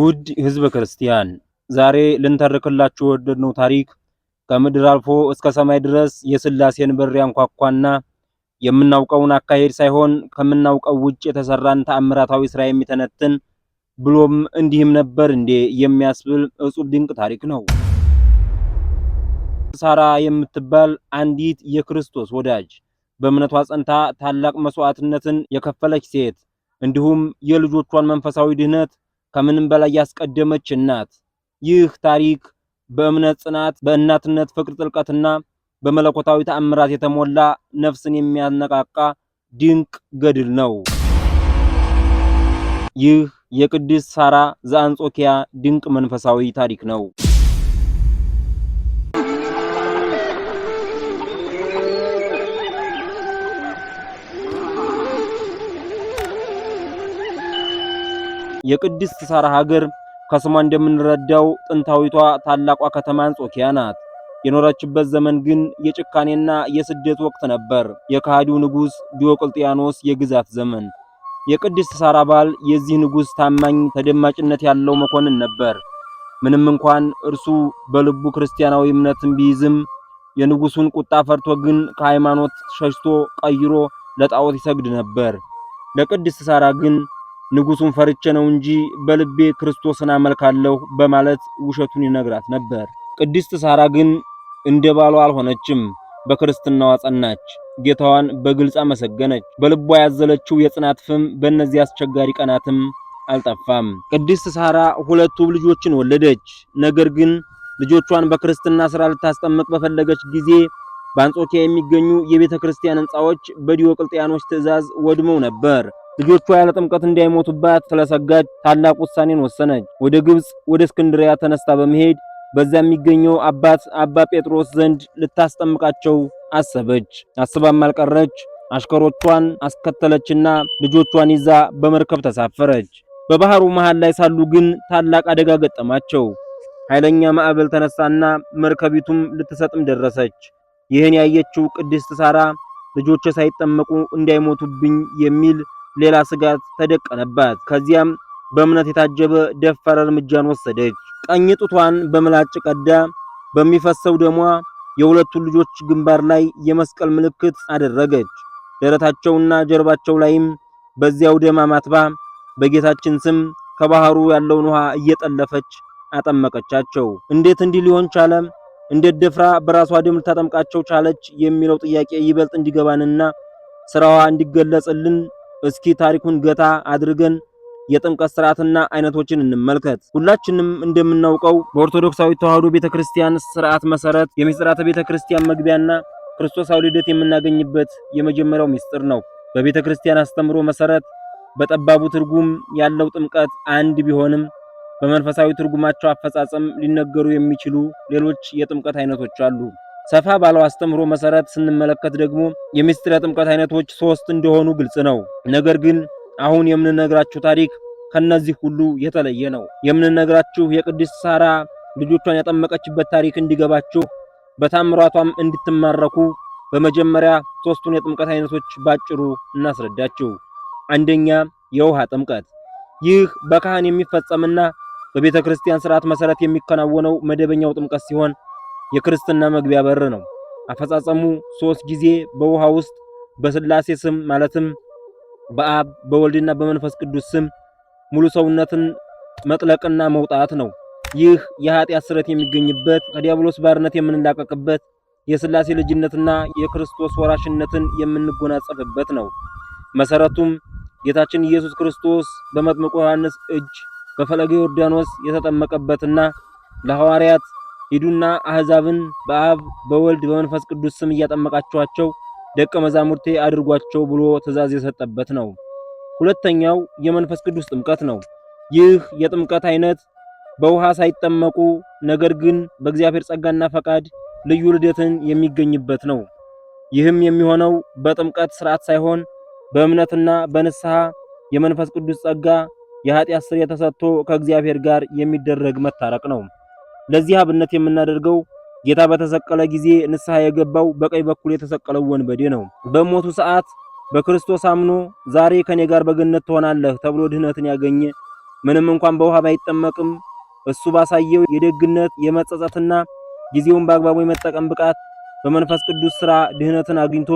ውድ ህዝብ ክርስቲያን ዛሬ ልንተርክላችሁ የወደድነው ታሪክ ከምድር አልፎ እስከ ሰማይ ድረስ የስላሴን በር ያንኳኳና የምናውቀውን አካሄድ ሳይሆን ከምናውቀው ውጭ የተሰራን ተአምራታዊ ስራ የሚተነትን ብሎም እንዲህም ነበር እንዴ የሚያስብል እጹብ ድንቅ ታሪክ ነው። ሳራ የምትባል አንዲት የክርስቶስ ወዳጅ በእምነቷ ጸንታ ታላቅ መስዋዕትነትን የከፈለች ሴት እንዲሁም የልጆቿን መንፈሳዊ ድህነት ከምንም በላይ ያስቀደመች እናት። ይህ ታሪክ በእምነት ጽናት፣ በእናትነት ፍቅር ጥልቀትና በመለኮታዊ ተአምራት የተሞላ ነፍስን የሚያነቃቃ ድንቅ ገድል ነው። ይህ የቅድስት ሳራ ዘአንጾኪያ ድንቅ መንፈሳዊ ታሪክ ነው። የቅድስት ሳራ ሀገር ከስሟ እንደምንረዳው ጥንታዊቷ ታላቋ ከተማ አንጾኪያ ናት። የኖረችበት ዘመን ግን የጭካኔና የስደት ወቅት ነበር። የከሃዲው ንጉሥ ዲዮቅልጥያኖስ የግዛት ዘመን። የቅድስት ሳራ ባል የዚህ ንጉሥ ታማኝ ተደማጭነት ያለው መኮንን ነበር። ምንም እንኳን እርሱ በልቡ ክርስቲያናዊ እምነትን ቢይዝም የንጉሱን ቁጣ ፈርቶ ግን ከሃይማኖት ሸሽቶ ቀይሮ ለጣዖት ይሰግድ ነበር። ለቅድስት ሳራ ግን ንጉሱን ፈርቼ ነው እንጂ በልቤ ክርስቶስን አመልካለሁ በማለት ውሸቱን ይነግራት ነበር። ቅድስት ሳራ ግን እንደ ባሏ አልሆነችም። በክርስትናዋ ጸናች። ጌታዋን በግልጽ አመሰገነች። በልቧ ያዘለችው የጽናት ፍም በእነዚህ አስቸጋሪ ቀናትም አልጠፋም። ቅድስት ሳራ ሁለቱ ልጆችን ወለደች። ነገር ግን ልጆቿን በክርስትና ስራ ልታስጠምቅ በፈለገች ጊዜ በአንጾኪያ የሚገኙ የቤተ ክርስቲያን ሕንጻዎች በዲዮቅልጥያኖች ትእዛዝ ወድመው ነበር። ልጆቿ ያለ ጥምቀት እንዳይሞቱባት ስለሰጋች ታላቅ ውሳኔን ወሰነች። ወደ ግብጽ ወደ እስክንድሪያ ተነስታ በመሄድ በዛ የሚገኘው አባት አባ ጴጥሮስ ዘንድ ልታስጠምቃቸው አሰበች። አስባም አልቀረች። አሽከሮቿን አስከተለችና ልጆቿን ይዛ በመርከብ ተሳፈረች። በባህሩ መሃል ላይ ሳሉ ግን ታላቅ አደጋ ገጠማቸው። ኃይለኛ ማዕበል ተነሳና መርከቢቱም ልትሰጥም ደረሰች። ይህን ያየችው ቅድስት ሳራ ልጆቿ ሳይጠመቁ እንዳይሞቱብኝ የሚል ሌላ ስጋት ተደቀነባት። ከዚያም በእምነት የታጀበ ደፋር እርምጃን ወሰደች። ቀኝ ጡቷን በምላጭ ቀዳ በሚፈሰው ደሟ የሁለቱን ልጆች ግንባር ላይ የመስቀል ምልክት አደረገች። ደረታቸውና ጀርባቸው ላይም በዚያው ደማ ማትባ በጌታችን ስም ከባህሩ ያለውን ውሃ እየጠለፈች አጠመቀቻቸው። እንዴት እንዲህ ሊሆን ቻለ? እንዴት ደፍራ በራሷ ደም ልታጠምቃቸው ቻለች? የሚለው ጥያቄ ይበልጥ እንዲገባንና ስራዋ እንዲገለጽልን እስኪ ታሪኩን ገታ አድርገን የጥምቀት ስርዓትና አይነቶችን እንመልከት። ሁላችንም እንደምናውቀው በኦርቶዶክሳዊ ተዋህዶ ቤተክርስቲያን ስርዓት መሰረት የምስጢራተ ቤተክርስቲያን መግቢያና ክርስቶሳዊ ልደት የምናገኝበት የመጀመሪያው ምስጢር ነው። በቤተክርስቲያን አስተምሮ መሰረት በጠባቡ ትርጉም ያለው ጥምቀት አንድ ቢሆንም በመንፈሳዊ ትርጉማቸው አፈጻጸም ሊነገሩ የሚችሉ ሌሎች የጥምቀት አይነቶች አሉ። ሰፋ ባለው አስተምህሮ መሰረት ስንመለከት ደግሞ የምስጢረ ጥምቀት አይነቶች ሶስት እንደሆኑ ግልጽ ነው። ነገር ግን አሁን የምንነግራችሁ ታሪክ ከነዚህ ሁሉ የተለየ ነው። የምንነግራችሁ የቅድስት ሳራ ልጆቿን ያጠመቀችበት ታሪክ እንዲገባችሁ በታምራቷም እንድትማረኩ በመጀመሪያ ሶስቱን የጥምቀት አይነቶች ባጭሩ እናስረዳችሁ። አንደኛ፣ የውሃ ጥምቀት። ይህ በካህን የሚፈጸምና በቤተ ክርስቲያን ስርዓት መሰረት የሚከናወነው መደበኛው ጥምቀት ሲሆን የክርስትና መግቢያ በር ነው። አፈጻጸሙ ሶስት ጊዜ በውሃ ውስጥ በስላሴ ስም ማለትም በአብ በወልድና በመንፈስ ቅዱስ ስም ሙሉ ሰውነትን መጥለቅና መውጣት ነው። ይህ የኃጢአት ስረት የሚገኝበት ከዲያብሎስ ባርነት የምንላቀቅበት የሥላሴ ልጅነትና የክርስቶስ ወራሽነትን የምንጎናጸፍበት ነው። መሰረቱም ጌታችን ኢየሱስ ክርስቶስ በመጥምቁ ዮሐንስ እጅ በፈለገ ዮርዳኖስ የተጠመቀበትና ለሐዋርያት ሂዱና አሕዛብን በአብ በወልድ በመንፈስ ቅዱስ ስም እያጠመቃችኋቸው ደቀ መዛሙርቴ አድርጓቸው ብሎ ትእዛዝ የሰጠበት ነው። ሁለተኛው የመንፈስ ቅዱስ ጥምቀት ነው። ይህ የጥምቀት አይነት በውሃ ሳይጠመቁ ነገር ግን በእግዚአብሔር ጸጋና ፈቃድ ልዩ ልደትን የሚገኝበት ነው። ይህም የሚሆነው በጥምቀት ስርዓት ሳይሆን በእምነትና በንስሐ የመንፈስ ቅዱስ ጸጋ የኃጢአት ስርየት ተሰጥቶ ከእግዚአብሔር ጋር የሚደረግ መታረቅ ነው። ለዚህ አብነት የምናደርገው ጌታ በተሰቀለ ጊዜ ንስሐ የገባው በቀኝ በኩል የተሰቀለው ወንበዴ ነው። በሞቱ ሰዓት በክርስቶስ አምኖ ዛሬ ከኔ ጋር በገነት ትሆናለህ ተብሎ ድህነትን ያገኘ ምንም እንኳን በውሃ ባይጠመቅም እሱ ባሳየው የደግነት የመጸጸትና ጊዜውን በአግባቡ የመጠቀም ብቃት በመንፈስ ቅዱስ ሥራ ድህነትን አግኝቶ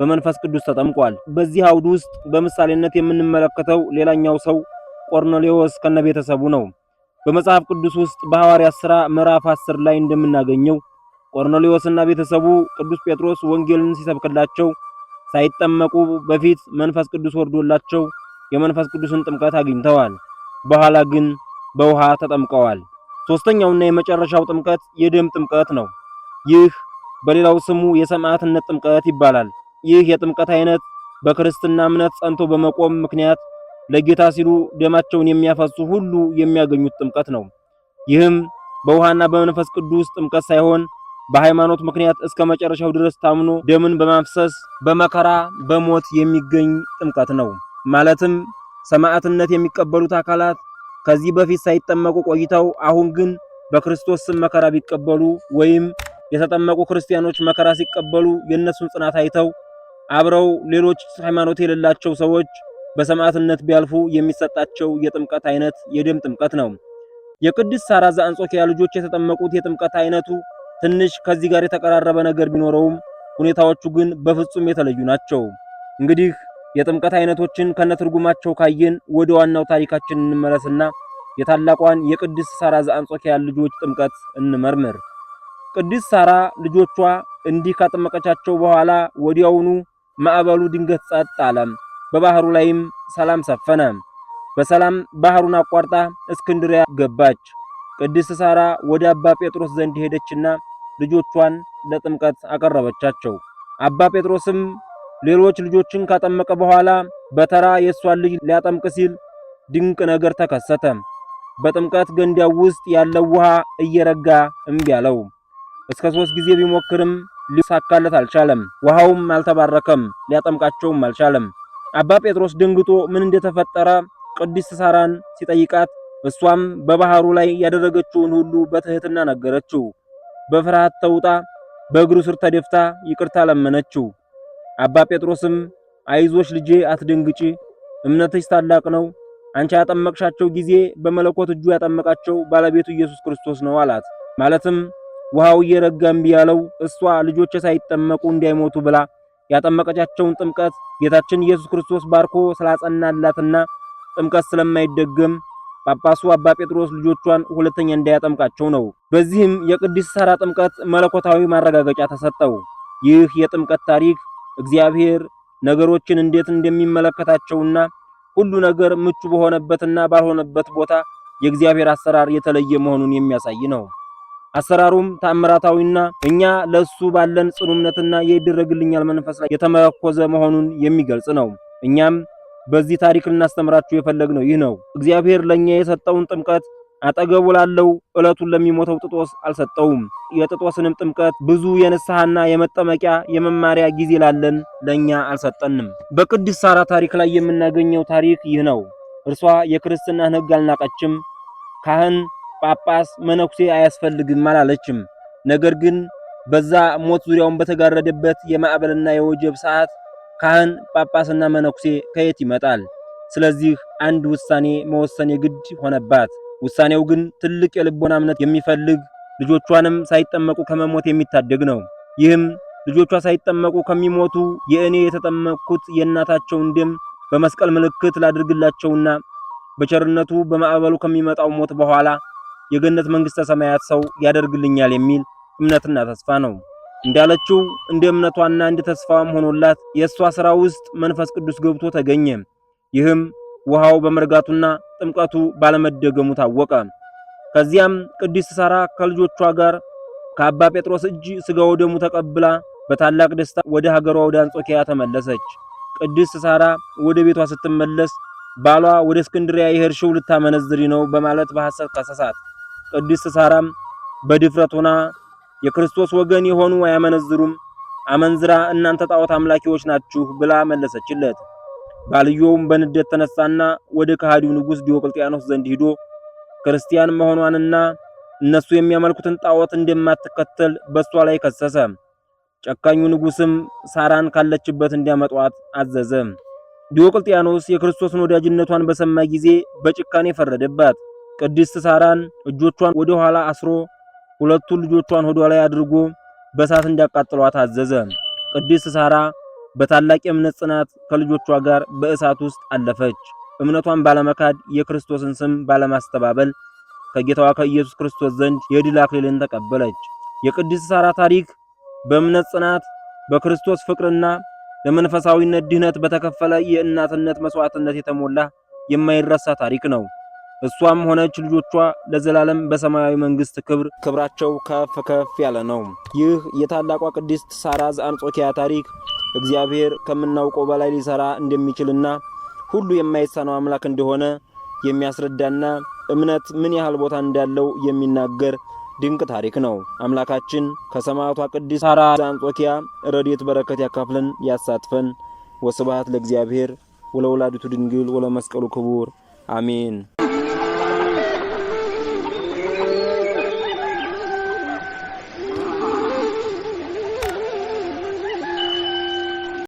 በመንፈስ ቅዱስ ተጠምቋል። በዚህ አውድ ውስጥ በምሳሌነት የምንመለከተው ሌላኛው ሰው ቆርኔሌዎስ ከነቤተሰቡ ነው። በመጽሐፍ ቅዱስ ውስጥ በሐዋርያት ሥራ ምዕራፍ 10 ላይ እንደምናገኘው ቆርኔሌዎስና ቤተሰቡ ቅዱስ ጴጥሮስ ወንጌልን ሲሰብክላቸው ሳይጠመቁ በፊት መንፈስ ቅዱስ ወርዶላቸው የመንፈስ ቅዱስን ጥምቀት አግኝተዋል። በኋላ ግን በውሃ ተጠምቀዋል። ሦስተኛውና የመጨረሻው ጥምቀት የደም ጥምቀት ነው። ይህ በሌላው ስሙ የሰማዕትነት ጥምቀት ይባላል። ይህ የጥምቀት አይነት በክርስትና እምነት ጸንቶ በመቆም ምክንያት ለጌታ ሲሉ ደማቸውን የሚያፈሱ ሁሉ የሚያገኙት ጥምቀት ነው። ይህም በውሃና በመንፈስ ቅዱስ ጥምቀት ሳይሆን በሃይማኖት ምክንያት እስከ መጨረሻው ድረስ ታምኖ ደምን በማፍሰስ በመከራ በሞት የሚገኝ ጥምቀት ነው። ማለትም ሰማዕትነት የሚቀበሉት አካላት ከዚህ በፊት ሳይጠመቁ ቆይተው አሁን ግን በክርስቶስ ስም መከራ ቢቀበሉ ወይም የተጠመቁ ክርስቲያኖች መከራ ሲቀበሉ የእነሱን ጽናት አይተው አብረው ሌሎች ሃይማኖት የሌላቸው ሰዎች በሰማዕትነት ቢያልፉ የሚሰጣቸው የጥምቀት አይነት የደም ጥምቀት ነው። የቅድስት ሳራ ዘአንጾኪያ ልጆች የተጠመቁት የጥምቀት አይነቱ ትንሽ ከዚህ ጋር የተቀራረበ ነገር ቢኖረውም ሁኔታዎቹ ግን በፍጹም የተለዩ ናቸው። እንግዲህ የጥምቀት አይነቶችን ከነትርጉማቸው ካየን ወደ ዋናው ታሪካችን እንመለስና የታላቋን የቅድስት ሳራ ዘአንጾኪያ ልጆች ጥምቀት እንመርምር። ቅድስት ሳራ ልጆቿ እንዲህ ካጠመቀቻቸው በኋላ ወዲያውኑ ማዕበሉ ድንገት ጸጥ አለም። በባህሩ ላይም ሰላም ሰፈነ። በሰላም ባህሩን አቋርጣ እስክንድሪያ ገባች። ቅድስት ሳራ ወደ አባ ጴጥሮስ ዘንድ ሄደችና ልጆቿን ለጥምቀት አቀረበቻቸው። አባ ጴጥሮስም ሌሎች ልጆችን ካጠመቀ በኋላ በተራ የእሷን ልጅ ሊያጠምቅ ሲል ድንቅ ነገር ተከሰተ። በጥምቀት ገንዳው ውስጥ ያለው ውሃ እየረጋ እምቢ አለው። እስከ ሶስት ጊዜ ቢሞክርም ሊሳካለት አልቻለም። ውሃውም አልተባረከም፣ ሊያጠምቃቸውም አልቻለም። አባ ጴጥሮስ ደንግጦ ምን እንደተፈጠረ ቅድስት ሳራን ሲጠይቃት እሷም በባህሩ ላይ ያደረገችውን ሁሉ በትህትና ነገረችው። በፍርሃት ተውጣ በእግሩ ስር ተደፍታ ይቅርታ ለመነችው። አባ ጴጥሮስም አይዞሽ ልጄ አትደንግጪ፣ እምነትሽ ታላቅ ነው። አንቺ ያጠመቅሻቸው ጊዜ በመለኮት እጁ ያጠመቃቸው ባለቤቱ ኢየሱስ ክርስቶስ ነው አላት። ማለትም ውሃው እየረጋ እምቢ ያለው እሷ ልጆች ሳይጠመቁ እንዳይሞቱ ብላ ያጠመቀቻቸውን ጥምቀት ጌታችን ኢየሱስ ክርስቶስ ባርኮ ስላጸናላትና ጥምቀት ስለማይደገም ጳጳሱ አባ ጴጥሮስ ልጆቿን ሁለተኛ እንዳያጠምቃቸው ነው። በዚህም የቅድስት ሳራ ጥምቀት መለኮታዊ ማረጋገጫ ተሰጠው። ይህ የጥምቀት ታሪክ እግዚአብሔር ነገሮችን እንዴት እንደሚመለከታቸውና ሁሉ ነገር ምቹ በሆነበትና ባልሆነበት ቦታ የእግዚአብሔር አሰራር የተለየ መሆኑን የሚያሳይ ነው። አሰራሩም ታምራታዊና እኛ ለሱ ባለን ጽኑ እምነትና የይደረግልኛል መንፈስ ላይ የተመረኮዘ መሆኑን የሚገልጽ ነው። እኛም በዚህ ታሪክ ልናስተምራችሁ የፈለግነው ይህ ነው። እግዚአብሔር ለኛ የሰጠውን ጥምቀት አጠገቡ ላለው ዕለቱን ለሚሞተው ጥጦስ አልሰጠውም። የጥጦስንም ጥምቀት ብዙ የንስሐና የመጠመቂያ የመማሪያ ጊዜ ላለን ለኛ አልሰጠንም። በቅድስት ሳራ ታሪክ ላይ የምናገኘው ታሪክ ይህ ነው። እርሷ የክርስትናን ሕግ አልናቀችም። ካህን ጳጳስ፣ መነኩሴ አያስፈልግም አላለችም። ነገር ግን በዛ ሞት ዙሪያውን በተጋረደበት የማዕበልና የወጀብ ሰዓት ካህን፣ ጳጳስና መነኩሴ ከየት ይመጣል? ስለዚህ አንድ ውሳኔ መወሰን የግድ ሆነባት። ውሳኔው ግን ትልቅ የልቦና እምነት የሚፈልግ ልጆቿንም ሳይጠመቁ ከመሞት የሚታደግ ነው። ይህም ልጆቿ ሳይጠመቁ ከሚሞቱ የእኔ የተጠመቅኩት የእናታቸውን ደም በመስቀል ምልክት ላድርግላቸውና በቸርነቱ በማዕበሉ ከሚመጣው ሞት በኋላ የገነት መንግስተ ሰማያት ሰው ያደርግልኛል የሚል እምነትና ተስፋ ነው። እንዳለችው እንደ እምነቷና እንደ ተስፋዋም ሆኖላት የእሷ ሥራ ውስጥ መንፈስ ቅዱስ ገብቶ ተገኘ። ይህም ውሃው በመርጋቱና ጥምቀቱ ባለመደገሙ ታወቀ። ከዚያም ቅድስት ሳራ ከልጆቿ ጋር ከአባ ጴጥሮስ እጅ ሥጋ ወደሙ ተቀብላ በታላቅ ደስታ ወደ ሀገሯ ወደ አንጾኪያ ተመለሰች። ቅድስት ሳራ ወደ ቤቷ ስትመለስ ባሏ ወደ እስክንድሪያ የሄድሽው ልታመነዝሪ ነው በማለት በሐሰት ከሰሳት። ቅድስት ሳራም በድፍረት ሆና የክርስቶስ ወገን የሆኑ አያመነዝሩም፣ አመንዝራ እናንተ ጣዖት አምላኪዎች ናችሁ ብላ መለሰችለት። ባልየውም በንዴት ተነሳና ወደ ከሃዲው ንጉሥ ዲዮቅልጥያኖስ ዘንድ ሂዶ ክርስቲያን መሆኗንና እነሱ የሚያመልኩትን ጣዖት እንደማትከተል በሷ ላይ ከሰሰ። ጨካኙ ንጉሥም ሳራን ካለችበት እንዲያመጧት አዘዘ። ዲዮቅልጥያኖስ የክርስቶስን ወዳጅነቷን በሰማ ጊዜ በጭካኔ ፈረደባት። ቅድስት ሳራን እጆቿን ወደ ኋላ አስሮ ሁለቱን ልጆቿን ሆዷ ላይ አድርጎ በእሳት እንዲያቃጥሏት አዘዘ። ቅድስት ሳራ በታላቅ የእምነት ጽናት ከልጆቿ ጋር በእሳት ውስጥ አለፈች። እምነቷን ባለመካድ የክርስቶስን ስም ባለማስተባበል ከጌታዋ ከኢየሱስ ክርስቶስ ዘንድ የድል አክሊልን ተቀበለች። የቅድስት ሳራ ታሪክ በእምነት ጽናት፣ በክርስቶስ ፍቅርና ለመንፈሳዊነት ድህነት በተከፈለ የእናትነት መስዋዕትነት የተሞላ የማይረሳ ታሪክ ነው። እሷም ሆነች ልጆቿ ለዘላለም በሰማያዊ መንግስት ክብር ክብራቸው ከፍ ከፍ ያለ ነው። ይህ የታላቋ ቅድስት ሳራ ዘአንጾኪያ ታሪክ እግዚአብሔር ከምናውቀው በላይ ሊሰራ እንደሚችልና ሁሉ የማይሳነው አምላክ እንደሆነ የሚያስረዳና እምነት ምን ያህል ቦታ እንዳለው የሚናገር ድንቅ ታሪክ ነው። አምላካችን ከሰማዕቷ ቅድስት ሳራ ዘአንጾኪያ ረድኤት በረከት ያካፍለን ያሳትፈን። ወስብሐት ለእግዚአብሔር ወለወላዲቱ ድንግል ወለመስቀሉ ክቡር አሜን።